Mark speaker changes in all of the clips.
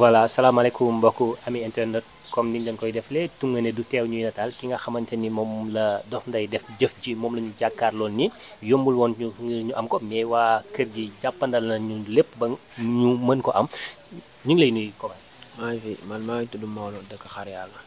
Speaker 1: voilà salaamaaleykum mbokku ami internet comme niñ lañ koy deflee ne du teew ñuy nataal ki nga xamante ni moom la Dof Ndeye def jëf ji moom la ñu jàkkaarloon ni yombul woon ñu ñu am ko mais waa kër gi jàppandal na ñu lépp ba ñu mën ko am ñu ngi lay nuyu ko maa ngi fi man maa ngi tudd Maodo dëkk xar yàlla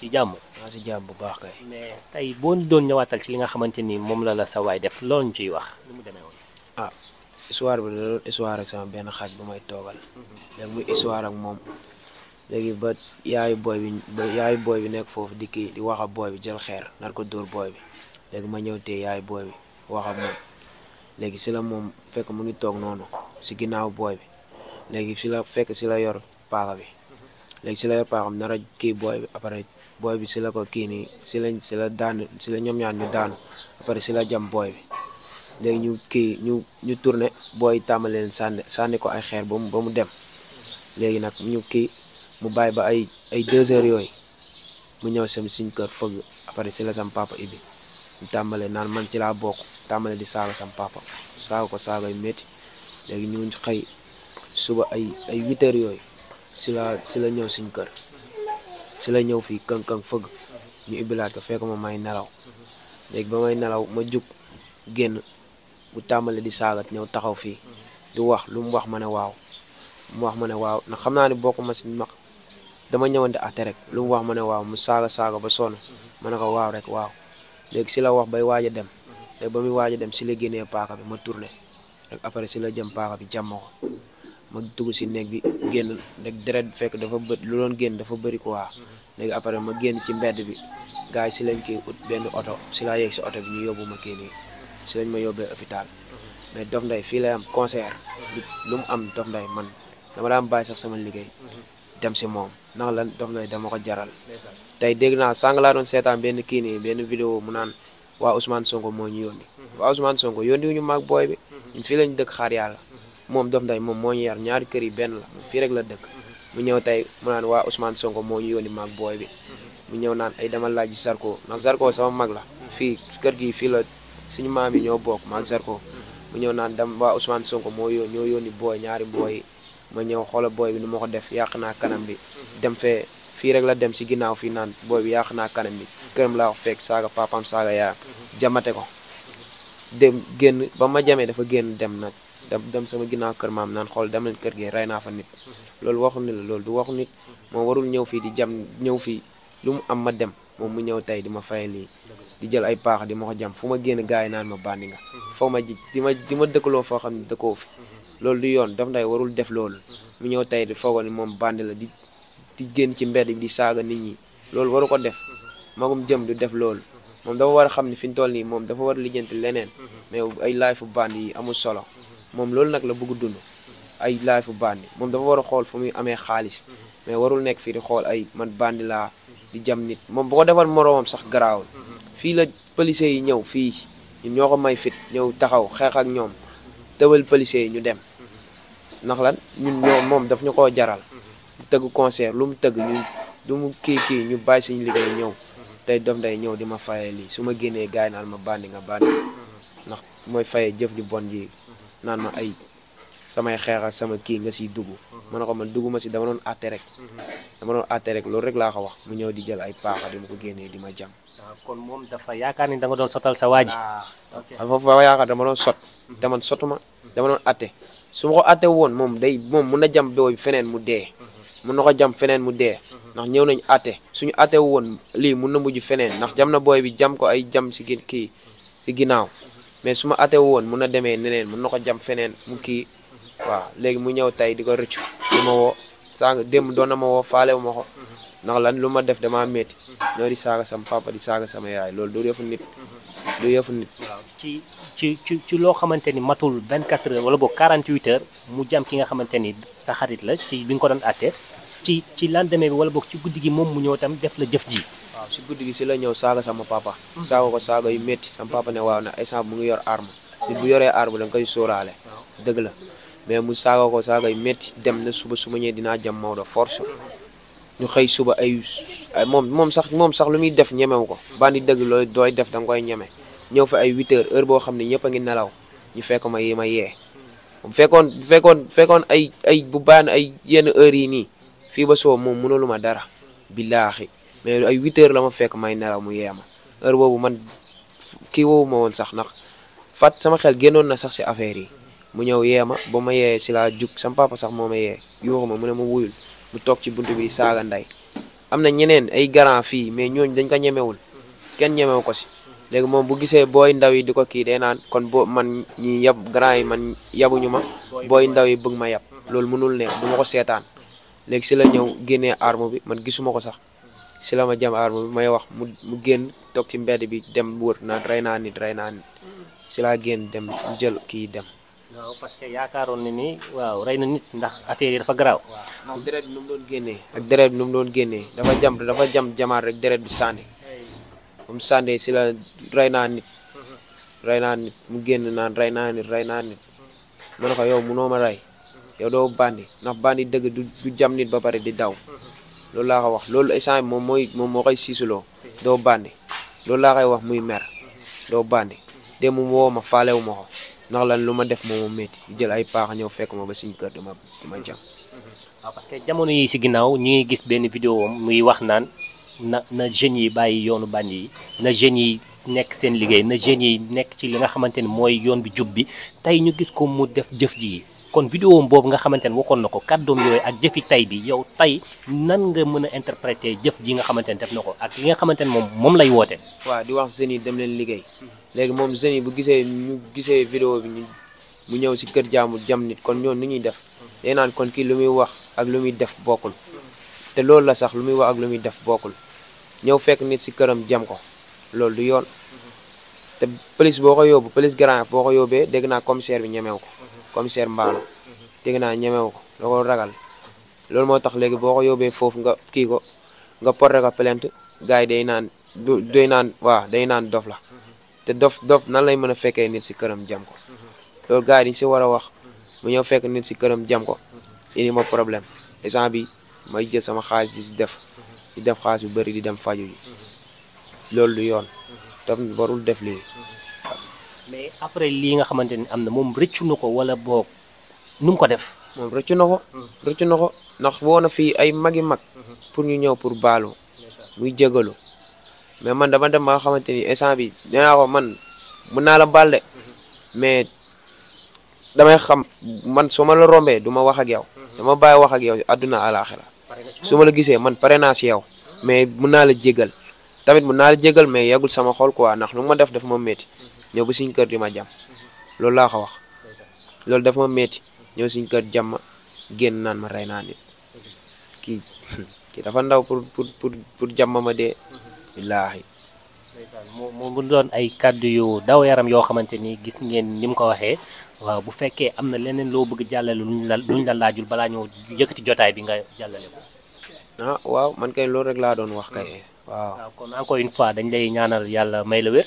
Speaker 1: ci jàmm maa si jàmm bu baax kay mais tey boo doon ñëwaatal ci li nga xamante ni moom la la sa waay def loolu ñu ciy wax lu mu demee woon
Speaker 2: ah, histoire bi da doon histoire ak sama benn xarit bu may toogal léegi muy histoire ak moom léegi ba yaayu booy bi yaayu booy bi nekk foofu di kii di wax ak booy bi jël xeer nar ko dóor booy bi léegi ma ñëw tee yaayu booy bi wax si la moom fekk mu ngi toog noonu si ginnaaw booy bi léegi si la fekk si la yor paaka bi léegi si la yor paaka nar a kii booy bi après booy bi si la ko kii nii si lañ si la daanu si la ñoom ñaan ñu daanu après si la jam booy bi léegi ñu kii ñu ñu tourné booy tàmbali leen sànni ko ay xeer ba mu ba mu dem léegi nag ñu kii mu bàyyi ba ay ay deux yooyu mu ñëw sam suñ kër fëgg après si la sam papa ibi ñu tàmbale naan man ci laa bokk tàmbale di saaga sam papa saaga ko saaga yu métti léegi ñu xëy suba ay ay huit yooyu si la si la ñëw suñ kër si la ñëw fii këŋ-këŋ fëgg ñu ibbilaat ko fekk ma may nelaw léegi ba may nelaw ma jug génn bu tàmbale di saagat ñëw taxaw fii di wax lu mu wax ma ne waaw mu wax ma ne waaw ndax xam naa ne bokk ma si mag dama ñëwante atte rek lu mu wax ma ne waaw mu saaga saaga ba sonn ma ne ko waaw rek waaw léegi si la wax bay waaj a dem ba muy waaj a dem si la génnee paaka bi ma tourné rek après si la jëm paaka bi jàmm ko ma dugg si néeg bi génn rek deret fekk dafa bë lu doon génn dafa bëri ko waa léegi après ma génn si mbedd bi gars yi si lañ kii ut benn oto si laa yeg si oto bi ñu yóbbu ma kii si lañ ma yóbbee hôpital mais Dof Ndeye fii lay am concert lu mu am Dof Ndeye man dama daan bàyyi sax sama liggéey dem si moom ndax la Dof Ndeye dama ko jaral tey dégg naa sàng laa doon seetaan benn kii nii benn vidéo mu naan waa Ousmane Sonko moo ñu yónni waa Sonko yónni ñu mag booy bi fii lañ dëkk xaar moom Dof Ndeye moom moo ñu ñaari kër yi benn fii rek la dëkk mu ñëw tey mu naan waa Ousmane Sonko moo ñu yónni mag booy bi mu ñëw naan ay dama laaj sarko ndax Zarko sama mag la fii kër gi fii la suñu maam yi ñoo bokk maag Zarko mm-hmm. mu ñëw naan dem waa Ousmane Sonko moo yoon ñoo yónni booy ñaari booy ma ñëw xoola booy bi nu ma ko def yàq naa kanam bi mm-hmm. dem fee fii rek la dem si ginnaaw fii naan booy bi yàq naa kanam bi mm-hmm. këram laa wax fekk saaga papaam saaga yaayam jamate ko dem génn ba ma jamee dafa génn dem nag dem dem sama ginnaaw kër maam naan xool dem leen kër gi rey naa fa nit loolu waxu nit loolu du waxu nit moo warul ñëw fii di jam ñëw fii lu mu am ma dem moom mu ñëw tey di ma fay lii di jël ay paax di ma ko jam fu ma génn gars yi naan ma bandi nga foo ma ji di ma di ma dëkkaloo foo xam ne dëkkoo fi loolu du yoon Dof Nday warul def loolu mu ñëw tey di foogoo moom bandi la di di génn ci mbedd bi saaga nit ñi loolu waru ko def magum jëm du def loolu moom dafa war a xam ne fi ñu toll nii moom dafa war a lijjanti leneen mais ay laay fu bandi yi amul solo moom loolu nag la bëgg dund ay laay fu bandi moom dafa war a xool fu muy amee xaalis mais warul nekk fii di xool ay man bandi laa di jam nit moom bu ko defoon moroomam sax garaawul fii la policier yi ñëw fii ñun ñoo ko may fit ñëw taxaw xeex ak ñoom tëbal policier yi ñu dem ndax la ñun moom daf ñu ko jaral tëgg concert lu mu tëgg ñu du mu kii kii ñu bàyyi suñu liggéey ñëw tey doom day ñëw di ma faye lii su ma génnee gaay naan ma bandi nga bandi ndax mooy faye jëf ju bon ji naan ma ay samay xeex ak sama kii nga siy dugg ma ko man dugguma si dama doon àtte rek. dama doon àtte rek loolu rek laa ko wax mu ñëw di jël ay paaxa di ma ko génnee di ma jam. Ah, kon dafa yaakaar ni da nga doon sotal sa waa ji. Ah, ah, dafa yaakaar dama doon sot. te man sotuma dama doon àtte su ma ko àtte woon moom day moom mun na jam booy feneen mu dee. mun na ko jam feneen mu dee. ndax ñëw nañu àtte suñu àtte woon lii mun na mujj feneen ndax jam na booy bi jam ko ay jam si kii si ginnaaw mais su ma àtte woon mun na demee neneen mun na jam feneen mu kii. waaw léegi mu ñëw tey di ko rëccu di ma woo saaga démb doon na ma woo faale wu ma ko ndax lan lu ma def damaa metti ñoo di saaga sama papa di saaga sama yaay loolu du yëfu nit du yëfu ci ci ci
Speaker 1: ci loo xamante ni matul 24 heures wala boog 48 heures mu nga xamante ni xarit la ci bi nga ko doon àtte ci ci lendemain bi wala boog ci guddi gi moom mu ñëw tam def la jëf ji
Speaker 2: waaw si gi si la ñëw saaga sama papa saaga ko saaga yu métti sama papa ne waaw na exemple mu ngi yor arme nit bu yoree arme bu nga koy sóoraale dëgg la mais mu saaga ko saaga yi métti dem na suba su ma ñëwee dinaa jam Maodo force ñu xëy suba ay moom moom sax moom sax lu muy def ñemew ko di dëgg looy dooy def da nga koy ñeme ñëw fa ay 8 heure boo xam ne ñëpp a ngi nelaw ñu fekk ma yi yee bu fekkoon fekkoon fekkoon ay ay bu baan ay yenn heures yi nii fii ba soo moom mënalu ma dara billaahi mais ay 8 la ma fekk may nelaw mu yee ma heure boobu man kii wow ma woon sax ndax fat sama xel génnoon na sax si affaire yi mu ñëw yee ma ba ma yee si laa jug sam sax moo ma yee yuuxu ma mu ne ma wuyul mu toog ci bunt bi saaga nday am na ñeneen ay garant fii mais ñooñu dañ ko ñemewul kenn ñemewu ko si léegi moom bu gisee booy ndaw yi di ko kii day naan kon boo man ñi yab grand yi man yabuñu ma booy ndaw yi bëgg ma yab loolu mënul ne du ma seetaan léegi si la ñëw génnee arme bi man gisuma ko sax si la ma jam arme bi may wax mu mu génn toog ci mbedd bi dem wër naan rey naa nit rey naa nit si laa génn dem jël kii dem non parce que yaakaaroon na ni waaw rey na nit ndax affaire yi dafa garaaw. waaw ndax deret bi nu mu doon génnee. ak deret dafa jam dafa jam jamaat rek deret bi sànni. moom sànni si la rey naa nit. rey naa nit mu génn naan rey naa nit rey naa nit. ma ne ko yow munoo ma rey. yow doo bandi ndax bandi dëgg du jam nit ba pare di daw. loolu laa ko wax loolu instant moom moom moo koy siisuloo. doo bandi loolu laa koy wax muy mer. doo bandi démb woo ma faalewu ma ko. ndax lan lu ma def moo ma jël ay paax ñëw fekk ma ba suñu kër dama ma jam. Ah,
Speaker 1: waaw parce que jamono yi si ginnaaw ñu ngi gis benn vidéo am muy wax naan na na jeunes yi bàyyi yoonu bànn yi na jeunes yi nekk seen liggéey na jeunes yi nekk ci li nga xamante ni mooy yoon bi bi tey ñu gis ko mu def jëf ji kon vidéo boobu xamante ne waxoon na ko kàddoom yooyu ak jëfi tey bi yow tey nan nga mën a interpréter jëf ji nga xamante ne def na ko ak li nga xamante ne moom moom lay woote.
Speaker 2: waaw di wax jeunes yi dem leen liggéey. Hmm. léegi moom jeunes yi bu gisee ñu gisee vidéo bi ñu mu ñëw si kër jaamu jam nit kon ñoon nu ñuy def day naan kon kii lu muy wax ak lu muy def bokkul te loolu la sax lu muy wax ak lu muy def bokkul ñëw fekk nit si këram jam ko loolu du yoon te police boo ko yóbbu police grand boo ko yoobee dégg naa commissaire bi ñemew ko commissaire Mbaalo dégg naa ñemew ko da ragal loolu moo tax léegi boo ko yoobee foofu nga kii ko nga porté ko plainte gars yi day naan du day naan waaw day naan dof la te dof dof nan lañ mën a fekkee nit si këram jam ko loolu gars yi dañ si war a wax mu ñëw fekk nit si këram jam ko ini ma problème instant bi may jël sama xaalis di si def di def xaalis bu bari di dem faju ji loolu yoon tam warul def lii
Speaker 1: mais après lii nga
Speaker 2: xamante ni am na moom rëccu na ko wala boog nu mu ko def moom rëccu na ko rëccu na na fii ay magi mag pour ñu ñëw pour baalu muy jégalu mais man dama dem ba nga xamante ni instant bi nee naa man mun naa la baal de mais damay xam man su ma la rombee du ma wax ak yow dama bàyyi wax ak yow àdduna àlaaxira su ma la gisee man pare naa si yow mais mun naa la jégal tamit mu naa la jégal mais yegul sama xol quoi ndax lu ma def dafa ma métti ñëw ba suñ kër di ma jàmm loolu laa ko wax loolu dafa ma ñëw suñ kër jàmm génn naan ma rey naa nit kii dafa ndaw pour pour pour jàmm ma dee
Speaker 1: billaahi moo mu doon ay kàddu yu daw yaram yoo xamante ni gis ngeen ni mu ko waxee waaw bu fekkee am na leneen loo bëgg jàllale lu la luñ la laajul balaa ñëw yëkkati jotaay bi nga jàllale ko.
Speaker 2: ah waaw man kay loolu rek laa doon wax kay. Hmm. waaw kon
Speaker 1: encore une fois dañ lay ñaanal yàlla may la wér.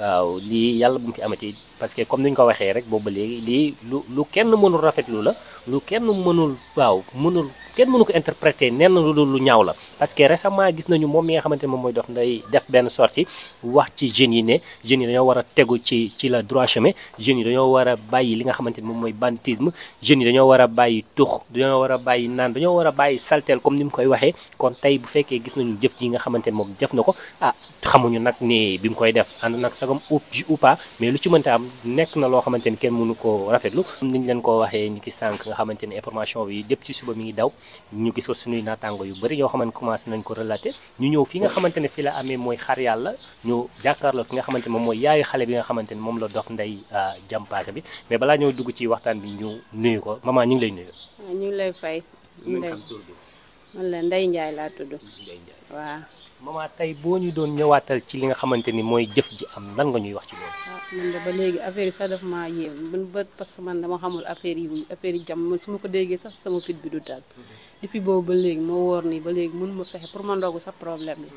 Speaker 1: waaw lii yàlla bu mu fi amati. parce que comme ni ñu ko waxee rek boobu léegi lii lu lu kenn mënul rafetlu la lu kenn mënul waaw mënul kenn mënu ko interpréter nenn lu lu ñaaw la parce que récemment gis nañu moom mi nga xamante ne moom mooy dox nday def benn sortie wax ci jeunes yi ne jeunes yi dañoo war a tegu ci ci la droit chemin jeunes yi war a bàyyi li nga xamante ne moom mooy banditisme jeunes yi war a bàyyi tux dañoo war a bàyyi naan dañoo war a bàyyi salteel comme ni mu koy waxee kon tey bu fekkee gis nañu jëf ji nga xamante ne moom jëf na ko ah xamuñu nag ni bi mu koy def ànd nag sagam ou mais lu ci mënta am nekk na loo xamante ni kenn mënu ko rafetlu ni ñu leen ko waxee ñu ki sànq nga xamante ni information bi yëpp ci suba mi ngi daw ñu gis ko suñuy naataango yu bëri yoo xamante commencé nañ ko relater ñu ñëw fi nga xamante ne fi la amee mooy xar yàlla moom la dof ndey jàmpaaka bi mais balaa ñoo dugg ci waxtaan bi ñu nuyu ko maman ñu lay nuyu
Speaker 3: ah, ñu lay fay man la Ndey Njaay laa tudd waaw maman tey boo ñu
Speaker 1: doon ñëwaatal ci li nga xamante ni mooy jëf ji am nan nga ñuy wax ci loolu.
Speaker 3: Ah, man ba léegi affaire yi sax daf maa yéem parce que man dama xamul affaire yi affaire yi ma ko déggee sax sama fit bi du daal depuis boobu ba léegi ma woor nii ba léegi mënuma fexe pour ma ndogu sax problème la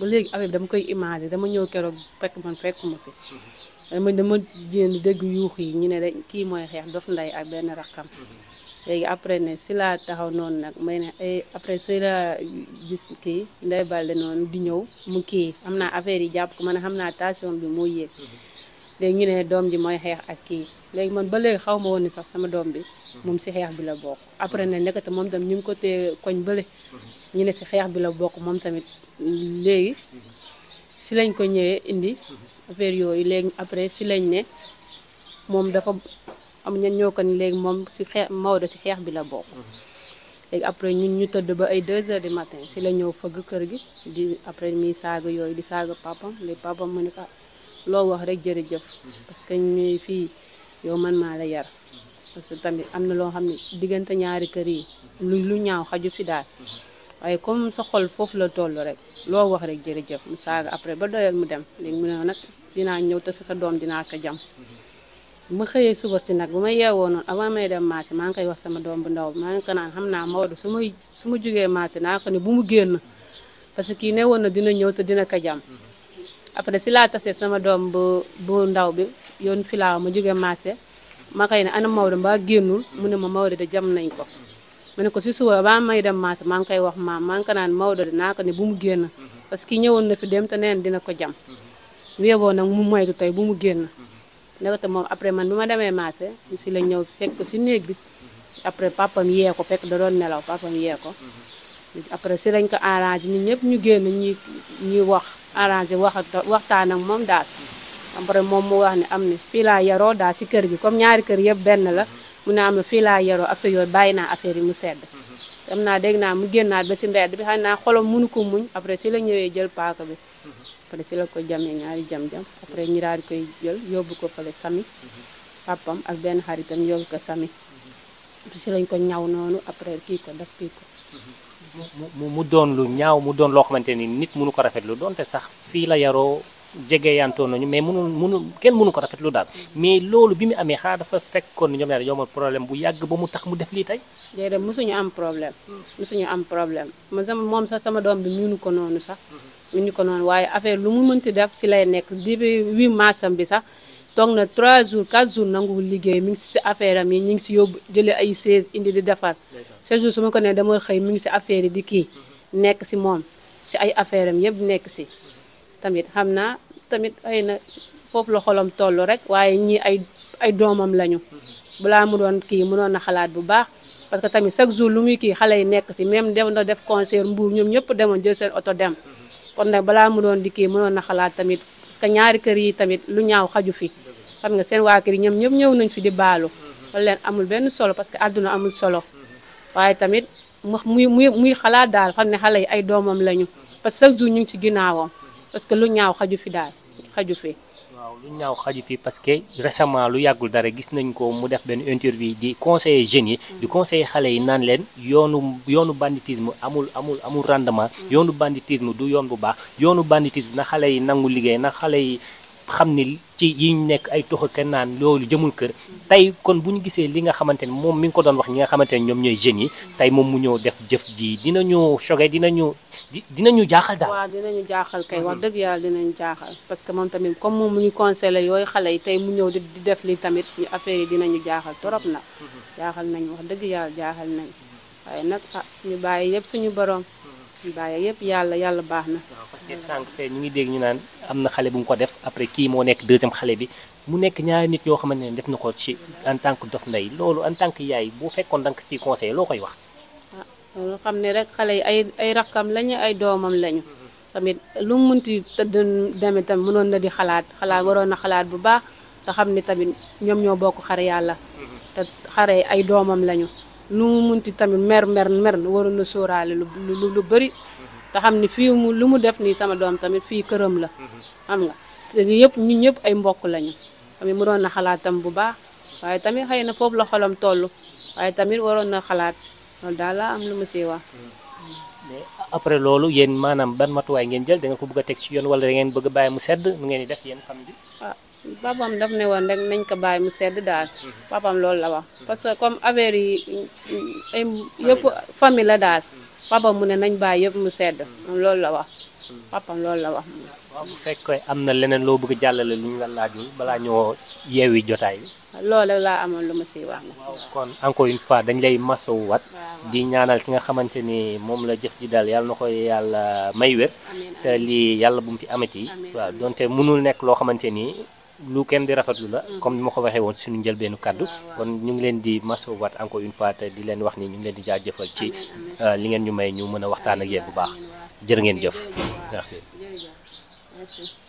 Speaker 3: ba léegi affaire dama koy imaginer dama ñëw keroog fekk man fekkuma fi mhm. eh, dama dama jéem dégg yuux yi ñu ne dañ kii mooy xeex dof nday ak benn rakkam léegi après ne si laa taxaw noonu nag may ne eh, après si laa gis kii Ndeye Balde noonu di ñëw mu kii xam naa affaire yi jàpp ko man xam naa tension bi moo yéeg léegi ñu ne doom ji mooy xeex ak kii léegi man ba léegi xaw ma woon ni sax sama doom bi moom si xeex bi la bokk après ne nekkata moom tam ñu ngi ko tee koñ bële ñu ne si xeex bi la bokk moom tamit léegi si lañ ko ñëwee indi affaire yooyu léegi après si lañ ne moom dafa am ñan ñoo ko ni léegi moom si xeex Maodo si xeex bi la bokk. léegi après ñun ñu tëdd ba ay 2 heures du matin si la ñëw fëgg kër gi di après muy saaga yooyu di saaga papam léegi papam mu ah, loo wax rek jërëjëf. parce que ñuy fii yow man maa la yar. parce que tamit am na loo xam ne diggante ñaari kër yi. lu ñaaw xaju fi daal. waaye comme sa xol foofu la toll rek loo wax rek jërëjëf mu saaga après ba doyal mu dem léegi mu ne nag dinaa ñëw te sa doom dinaa ko jam. ma xëyee suba si nag bu ma yeewoo noonu avant may dem marché maa ngi wax sama bu ndaw maa ngi ko xam naa Maodo su ma su jugee marché naa ko ne bu mu génn parce que kii ne woon na dina ñëw te dina ko jàmm après si laa tasee sama doom bu bu ndaw bi yoon filaaw ma jugee marché ma koy ne ana Maodo mbaa génnul mu ne ma Maodo de jam nañ ko ma ne ko si suba avant may dem marché maa ngi koy wax maam maa ngi ko naan Maodo de naa ko ne bu mu génn parce que ñëwoon na fi dem te neen dina ko jam weeboo nag mu moytu tey bu mu génn nekkate moom après man bi ma demee marché si la ñëw fekk si néeg bi après papam yee ko fekk da doon nelaw papam yee ko après si lañ ko arrangé ñun ñëpp ñu génn ñu ñuy wax arrangé wax waxtaan ak moom daal après moom mu wax ne am ne fii laa yaroo daal si kër gi comme ñaari kër yëpp benn la mu ne am ne fii laa yaroo affaire yooyu bàyyi naa affaire yi mu sedd am naa dégg naa mu génnaat ba si mbedd bi xam naa mu mënu ko muñ après si la ñëwee jël paaka bi après si la ko jamee ñaari jam-jam après ñi daal di koy ko fële sami papam ak benn xaritam yóbbu ko sami si lañ ko ñaw noonu après kii ko def kii ko
Speaker 1: mu mu doon lu ñaaw mu doon loo xamante ni nit mënu ko rafetlu doonte sax fii la yaroo jege yantoo nañu mais mënul mënul kenn mënu ko rafetlu daal mais loolu bi mu amee xanaa dafa fekkoon ñoom ñaar yomal problème bu yàgg ba mu tax mu def
Speaker 3: lii tey déedéet mosuñu am problème mosuñu am problème man sama moom sax sama doom bi miinu ko noonu sax uñu ko noonu waaye affaire lu mu mënti def si lay nekk depuis 8 marsam bi sax toog na trois jours 4 jour nanguwul liggéey mi ngi si affaire am yi ñu ngi si yóbbu jëlee ay 16 indi di defar chaque jour su ko nee dama xëy mi ngi si affaire yi di kii mm-hmm. nekk si moom si ay affaire am yëpp nekk si tamit xam naa tamit ay na foofu la xolam toll rek waaye ñii ay ay doomam lañu mm-hmm. balaa mu doon kii mënoon na xalaat bu baax parce que tamit chaque jour lu muy kii xale yi nekk si même dem na def concert mbuur ñoom ñëpp demoon jël seen oto dem mm-hmm. kon nag balaa mu doon di kii mënoon na xalaat tamit parce que ñaari kër yi tamit lu ñaaw xaju fi xam nga seen waa kër ñoom ñëpp ñëw nañ fi di baalu wala leen amul benn solo parce que àdduna amul solo waaye tamit muy muy muy xalaat daal xam ne xale yi ay doomam lañu parce que chaque ñu ngi ci ginnaawam parce que lu ñaaw xaju fi daal xaju fi
Speaker 1: lu ñaaw xaju fii parce que récemment lu yàggul dara gis nañ ko mu def benn interview di conseiller jeunes yi di conseiller xale yi naan leen yoonu yoonu banditisme amul amul amul rendement yoonu banditisme du yoon bu baax yoonu banditisme na xale yi nangu liggéey na xale yi xam ne ci yi ñu nekk ay toxa kenn naan loolu jëmul kër tey kon bu ñu gisee li nga xamante ne moom mi ngi ko doon wax ñi nga xamante ne ñoom ñooy jeunes yi tey moom mu ñëw def jëf ji dinañu choqué dinañu dinañu jaaxal daal
Speaker 3: waaw ñu jaaxal kay wax dëgg yàlla dinañu jaaxal parce que moom tamit comme moom mu ngi conseillé yooyu xale yi tey mu ñëw di def lii tamit ñu affaire yi dinañu jaaxal torop na mm-hmm. jaaxal nañ wax dëgg yàlla jaaxal nañ waaye nag ah ñu bàyyi yëpp bàyyi yëpp yàlla yàlla baax na. waaw parce que sànq ñu ngi
Speaker 1: dégg ñu naan am na xale bu mu ko def après kii moo nekk deuxième xale bi mu nekk ñaari nit yoo xamante ne def na ko ci en tant que Dof Ndeye loolu en tant que yaay boo fekkoon da nga ciy conseillé loo koy wax.
Speaker 3: Ah, xam ne rek xale yi ay ay rakkam lañu ay doomam lañu. tamit lu mu munti tëdd demee tamit mënoon na di xalaat xalaat waroon na xalaat bu baax te xam ne tamit ñoom ñoo bokk xare yàlla. Mhm. te xare ay doomam lañu. lu mu munti tamit mer mer mer waroon na sóoraale lu lu te xam ni fii mu lu mu def nii sama doom tamit fii këram la xam nga te yëpp ñun ñëpp ay mbokk lañu tamit mu doon na xalaatam bu baax waaye tamit xëy na foofu la xolam toll waaye tamit waroon na xalaat loolu daal laa am lu ma siy wax
Speaker 1: après loolu yéen maanaam ba matuwaay ngeen jël da ko bëgg a teg ci yoon wala da ngeen bëgg a bàyyi mu sedd nu ngeen def yéen xam bi
Speaker 3: ah, papaam daf ne woon rek nañ ko bàyyi mu sedd daal papaam loolu la wax parce que comme affaire yi ay yëpp famille la daal papaam mu ne nañ bàyyi yëpp mu sedd loolu la wax papaam loolu la wax waaw bu fekkee
Speaker 1: am na leneen loo bëgg jàllale lu ñu la laajul balaa ñoo yeewi jotaay bi.
Speaker 3: loolu laa am lu ma siy kon
Speaker 1: encore une fois dañ lay masowuwaat. di ñaanal ki nga xamante ni moom la jëf ji daal yàlla na koy yàlla may wér. te lii yàlla bu mu fi amati. waaw donte mënul nekk lu kenn di rafetlu la comme ni ma ko waxee woon suñu njëlbeenu kàddu kon ñu ngi leen di masawu waat encore une fois te di leen wax ni ñu ngi leen di jaajëfal ci euh, li ngeen ñu may ñu mën a waxtaan ak yéen bu baax jërë ngeen jëf
Speaker 3: merci